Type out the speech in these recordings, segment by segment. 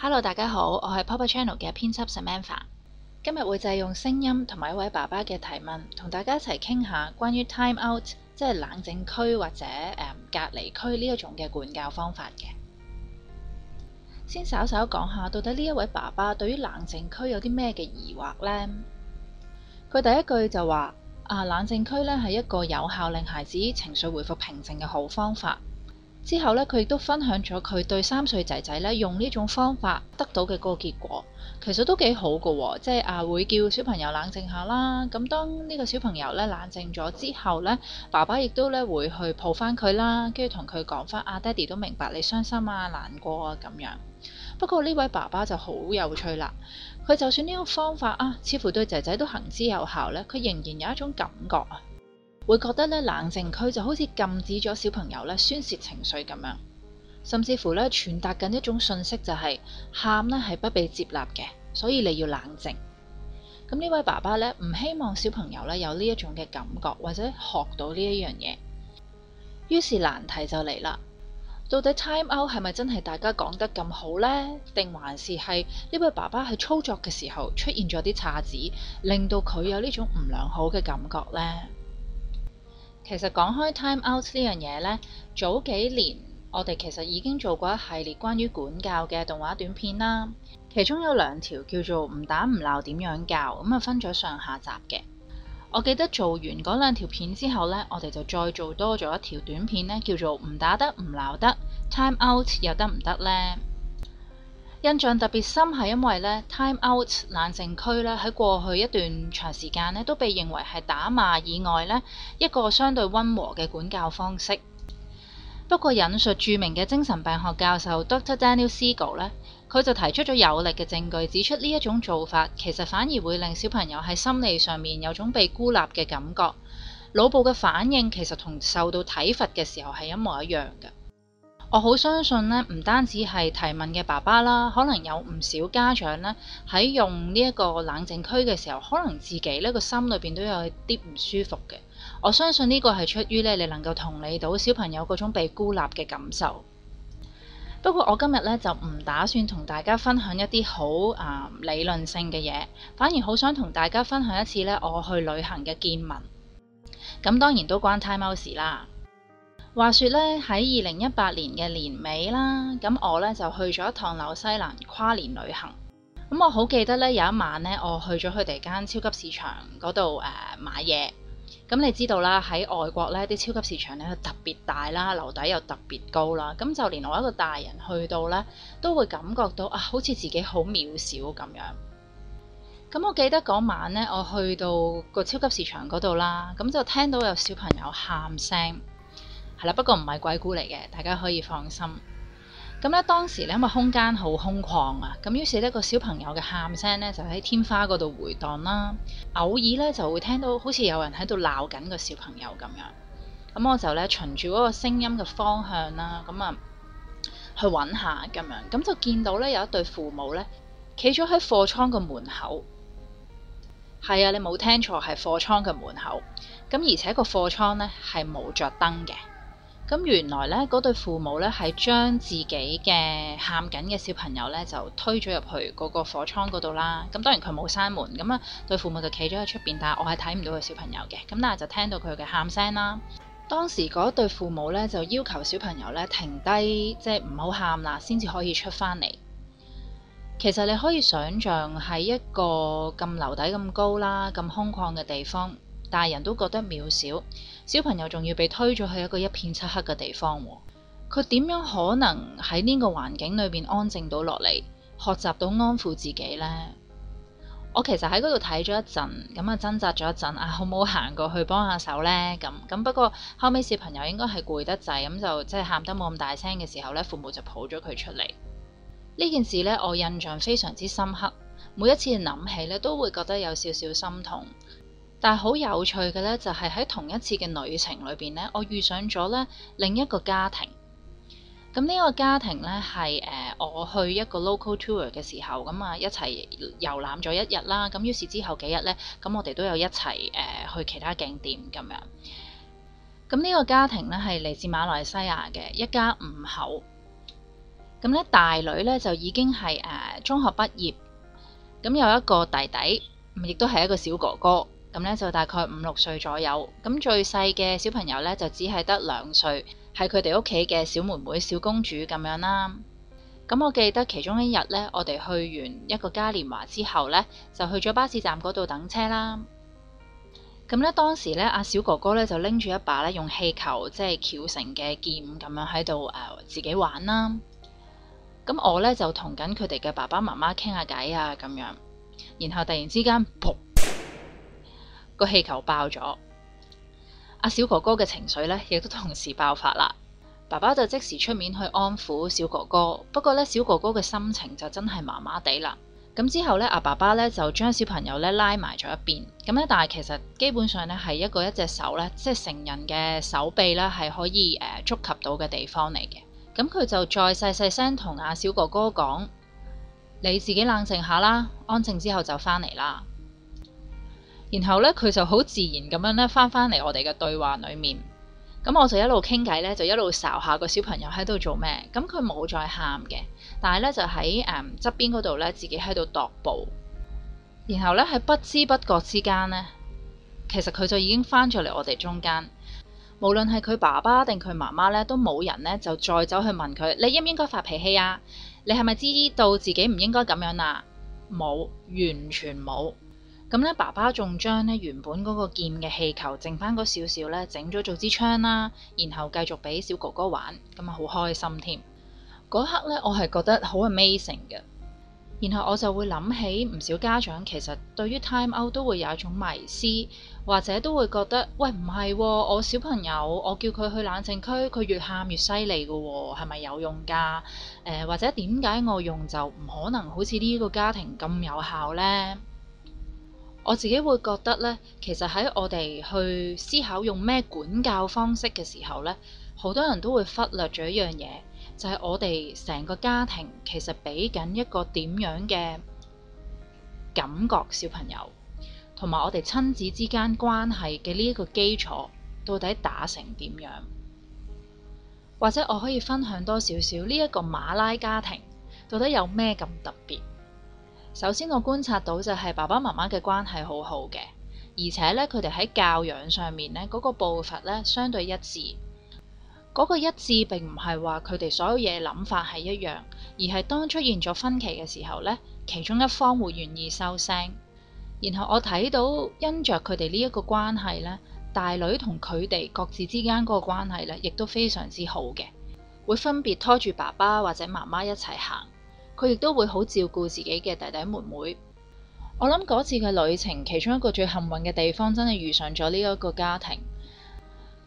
Hello，大家好，我係 Papa Channel 嘅編輯 Samantha。今日會就係用聲音同埋一位爸爸嘅提問，同大家一齊傾下關於 time out，即係冷靜區或者誒、嗯、隔離區呢一種嘅管教方法嘅。先稍稍講下，到底呢一位爸爸對於冷靜區有啲咩嘅疑惑呢？佢第一句就話：啊冷靜區呢係一個有效令孩子情緒回復平靜嘅好方法。之後呢，佢亦都分享咗佢對三歲仔仔呢用呢種方法得到嘅嗰個結果，其實都幾好㗎喎，即係啊會叫小朋友冷靜下啦。咁當呢個小朋友咧冷靜咗之後呢，爸爸亦都咧會去抱翻佢啦，跟住同佢講翻啊，爹哋都明白你傷心啊、難過啊咁樣。不過呢位爸爸就好有趣啦，佢就算呢個方法啊，似乎對仔仔都行之有效呢，佢仍然有一種感覺。會覺得呢，冷靜區就好似禁止咗小朋友呢宣泄情緒咁樣，甚至乎呢傳達緊一種訊息，就是，就係喊呢係不被接納嘅，所以你要冷靜。咁呢位爸爸呢，唔希望小朋友呢有呢一種嘅感覺，或者學到呢一樣嘢。於是難題就嚟啦，到底 time out 係咪真係大家講得咁好呢？定還是係呢位爸爸喺操作嘅時候出現咗啲岔子，令到佢有呢種唔良好嘅感覺呢？其實講開 time out 呢樣嘢呢，早幾年我哋其實已經做過一系列關於管教嘅動畫短片啦。其中有兩條叫做唔打唔鬧點樣教，咁啊分咗上下集嘅。我記得做完嗰兩條片之後呢，我哋就再做多咗一條短片咧，叫做唔打得唔鬧得，time out 又得唔得呢？印象特別深係因為呢 time out 冷靜區咧喺過去一段長時間咧都被認為係打罵以外咧一個相對温和嘅管教方式。不過引述著名嘅精神病學教授 Dr. Daniel Siegel 咧，佢就提出咗有力嘅證據，指出呢一種做法其實反而會令小朋友喺心理上面有種被孤立嘅感覺，腦部嘅反應其實同受到體罰嘅時候係一模一樣嘅。我好相信呢，唔單止係提問嘅爸爸啦，可能有唔少家長呢，喺用呢一個冷靜區嘅時候，可能自己呢個心裏面都有啲唔舒服嘅。我相信呢個係出於呢，你能夠同理到小朋友嗰種被孤立嘅感受。不過我今日呢，就唔打算同大家分享一啲好啊理論性嘅嘢，反而好想同大家分享一次呢，我去旅行嘅見聞。咁當然都關 Time Out 事啦。話説咧，喺二零一八年嘅年尾啦，咁我咧就去咗一趟紐西蘭跨年旅行。咁我好記得咧，有一晚咧，我去咗佢哋間超級市場嗰度誒買嘢。咁你知道啦，喺外國咧，啲超級市場咧特別大啦，樓底又特別高啦。咁就連我一個大人去到咧，都會感覺到啊，好似自己好渺小咁樣。咁我記得嗰晚咧，我去到個超級市場嗰度啦，咁就聽到有小朋友喊聲。係啦，不過唔係鬼故嚟嘅，大家可以放心。咁咧當時咧，因為空間好空曠啊，咁於是咧個小朋友嘅喊聲咧就喺天花嗰度迴盪啦。偶爾咧就會聽到好似有人喺度鬧緊個小朋友咁樣。咁我就咧循住嗰個聲音嘅方向啦，咁啊去揾下咁樣，咁就見到咧有一對父母咧企咗喺貨倉嘅門口。係啊，你冇聽錯，係貨倉嘅門口。咁而且個貨倉咧係冇着燈嘅。咁原來咧，嗰對父母咧係將自己嘅喊緊嘅小朋友咧就推咗入去嗰個火倉嗰度啦。咁當然佢冇閂門，咁啊對父母就企咗喺出邊，但係我係睇唔到佢小朋友嘅。咁但係就聽到佢嘅喊聲啦。當時嗰對父母咧就要求小朋友咧停低，即係唔好喊啦，先至可以出翻嚟。其實你可以想像喺一個咁樓底咁高啦、咁空曠嘅地方。大人都覺得渺小，小朋友仲要被推咗去一個一片漆黑嘅地方，佢點樣可能喺呢個環境裏邊安靜到落嚟，學習到安撫自己呢？我其實喺嗰度睇咗一陣，咁啊掙扎咗一陣，啊好冇行過去幫下手呢？咁咁不過後尾小朋友應該係攰，就是、得滯，咁就即係喊得冇咁大聲嘅時候呢，父母就抱咗佢出嚟。呢件事呢，我印象非常之深刻，每一次諗起呢，都會覺得有少少心痛。但係好有趣嘅呢，就係、是、喺同一次嘅旅程裏邊呢，我遇上咗呢另一個家庭。咁、這、呢個家庭呢，係誒、呃，我去一個 local tour 嘅時候咁啊、嗯，一齊遊覽咗一日啦。咁、嗯、於是之後幾日呢，咁、嗯、我哋都有一齊誒、呃、去其他景點咁樣。咁、嗯、呢、嗯這個家庭呢，係嚟自馬來西亞嘅一家五口。咁、嗯、呢、嗯，大女呢，就已經係誒、呃、中學畢業，咁、嗯、有一個弟弟，亦都係一個小哥哥，哥。咁咧就大概五六歲左右，咁最細嘅小朋友咧就只係得兩歲，係佢哋屋企嘅小妹妹、小公主咁樣啦。咁我記得其中一日咧，我哋去完一個嘉年華之後咧，就去咗巴士站嗰度等車啦。咁咧當時咧阿小哥哥咧就拎住一把咧用氣球即係翹成嘅劍咁樣喺度誒自己玩啦。咁我咧就同緊佢哋嘅爸爸媽媽傾下偈啊咁樣，然後突然之間，噗！個氣球爆咗，阿小哥哥嘅情緒咧亦都同時爆發啦。爸爸就即時出面去安撫小哥哥，不過咧小哥哥嘅心情就真係麻麻地啦。咁之後咧，阿爸爸咧就將小朋友咧拉埋咗一邊，咁咧但係其實基本上咧係一個一隻手咧，即係成人嘅手臂啦，係可以誒、呃、觸及到嘅地方嚟嘅。咁、嗯、佢就再細細聲同阿小哥哥講：你自己冷靜下啦，安靜之後就翻嚟啦。然後咧，佢就好自然咁樣咧，翻翻嚟我哋嘅對話裡面。咁、嗯、我就一路傾偈咧，就一路睄下個小朋友喺度做咩。咁佢冇再喊嘅，但係咧就喺誒側邊嗰度咧，嗯、自己喺度踱步。然後咧，喺不知不覺之間咧，其實佢就已經翻咗嚟我哋中間。無論係佢爸爸定佢媽媽咧，都冇人咧就再走去問佢你應唔應該發脾氣啊？你係咪知到自己唔應該咁樣啊？冇，完全冇。咁咧，爸爸仲將咧原本嗰個劍嘅氣球剩翻嗰少少咧，整咗做支槍啦，然後繼續俾小哥哥玩，咁啊好開心添。嗰刻咧，我係覺得好 amazing 嘅。然後我就會諗起唔少家長其實對於 time out 都會有一種迷思，或者都會覺得喂，唔係喎，我小朋友，我叫佢去冷靜區，佢越喊越犀利㗎喎，係咪有用㗎？誒、呃、或者點解我用就唔可能好似呢個家庭咁有效咧？我自己會覺得咧，其實喺我哋去思考用咩管教方式嘅時候咧，好多人都會忽略咗一樣嘢，就係我哋成個家庭其實俾緊一個點樣嘅感覺小朋友，同埋我哋親子之間關係嘅呢一個基礎到底打成點樣？或者我可以分享多少少呢一個馬拉家庭到底有咩咁特別？首先，我觀察到就係爸爸媽媽嘅關係好好嘅，而且呢，佢哋喺教養上面呢嗰個步伐呢相對一致。嗰個一致並唔係話佢哋所有嘢諗法係一樣，而係當出現咗分歧嘅時候呢，其中一方會願意收聲。然後我睇到因着佢哋呢一個關係呢，大女同佢哋各自之間嗰個關係呢亦都非常之好嘅，會分別拖住爸爸或者媽媽一齊行。佢亦都會好照顧自己嘅弟弟妹妹。我諗嗰次嘅旅程，其中一個最幸運嘅地方，真係遇上咗呢一個家庭。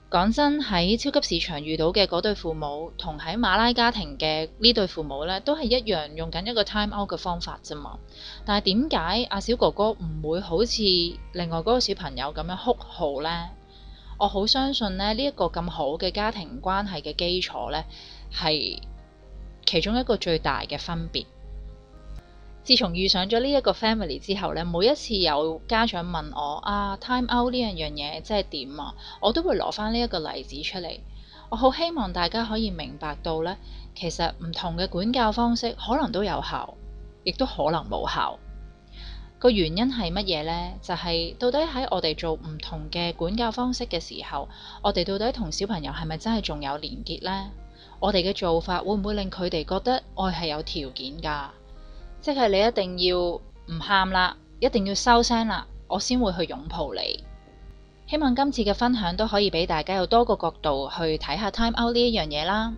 講真，喺超級市場遇到嘅嗰對父母，同喺馬拉家庭嘅呢對父母呢，都係一樣用緊一個 time out 嘅方法啫嘛。但係點解阿小哥哥唔會好似另外嗰個小朋友咁樣哭號呢？我好相信呢，呢一個咁好嘅家庭關係嘅基礎呢，係。其中一個最大嘅分別，自從遇上咗呢一個 family 之後咧，每一次有家長問我啊，time out 呢樣樣嘢即係點啊，我都會攞翻呢一個例子出嚟。我好希望大家可以明白到咧，其實唔同嘅管教方式可能都有效，亦都可能冇效。個原因係乜嘢咧？就係到底喺我哋做唔同嘅管教方式嘅時候，我哋到底同小朋友係咪真係仲有連結咧？我哋嘅做法會唔會令佢哋覺得愛係有條件㗎？即係你一定要唔喊啦，一定要收聲啦，我先會去擁抱你。希望今次嘅分享都可以俾大家有多個角度去睇下 Time Out 呢一樣嘢啦。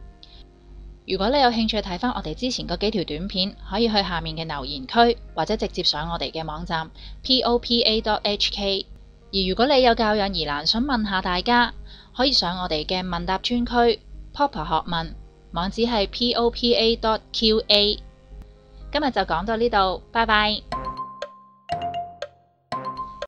如果你有興趣睇返我哋之前嗰幾條短片，可以去下面嘅留言區，或者直接上我哋嘅網站 POPA dot HK。而如果你有教養疑難，想問下大家，可以上我哋嘅問答專區。POPA 學問，網址係 popa.qa。今日就講到呢度，拜拜。